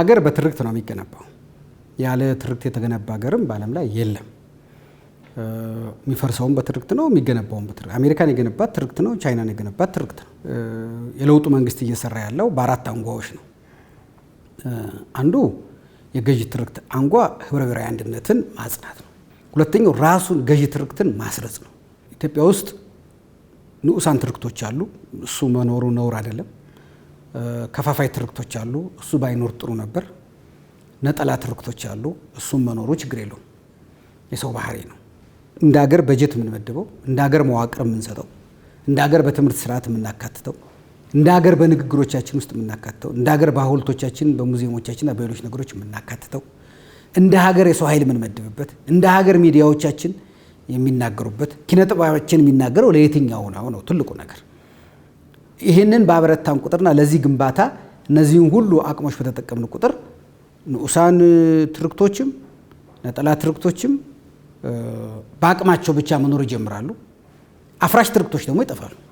አገር በትርክት ነው የሚገነባው። ያለ ትርክት የተገነባ ሀገርም በዓለም ላይ የለም። የሚፈርሰውም በትርክት ነው፣ የሚገነባውም በትርክት አሜሪካን የገነባት ትርክት ነው። ቻይናን የገነባት ትርክት ነው። የለውጡ መንግስት እየሰራ ያለው በአራት አንጓዎች ነው። አንዱ የገዥ ትርክት አንጓ ህብረ ብሔራዊ አንድነትን ማጽናት ነው። ሁለተኛው ራሱን ገዥ ትርክትን ማስረጽ ነው። ኢትዮጵያ ውስጥ ንዑሳን ትርክቶች አሉ። እሱ መኖሩ ነውር አይደለም። ከፋፋይ ትርክቶች አሉ። እሱ ባይኖር ጥሩ ነበር። ነጠላ ትርክቶች አሉ። እሱም መኖሩ ችግር የለውም። የሰው ባህሪ ነው። እንደ ሀገር በጀት የምንመድበው፣ እንደ ሀገር መዋቅር የምንሰጠው፣ እንደ ሀገር በትምህርት ስርዓት የምናካትተው፣ እንደ ሀገር በንግግሮቻችን ውስጥ የምናካትተው፣ እንደ ሀገር በሐውልቶቻችን በሙዚየሞቻችንና በሌሎች ነገሮች የምናካትተው፣ እንደ ሀገር የሰው ኃይል የምንመድብበት፣ እንደ ሀገር ሚዲያዎቻችን የሚናገሩበት፣ ኪነጥባችን የሚናገረው ለየትኛው ነው? ትልቁ ነገር ይህንን ባበረታን ቁጥርና ለዚህ ግንባታ እነዚህን ሁሉ አቅሞች በተጠቀምን ቁጥር ንዑሳን ትርክቶችም ነጠላ ትርክቶችም በአቅማቸው ብቻ መኖር ይጀምራሉ። አፍራሽ ትርክቶች ደግሞ ይጠፋሉ።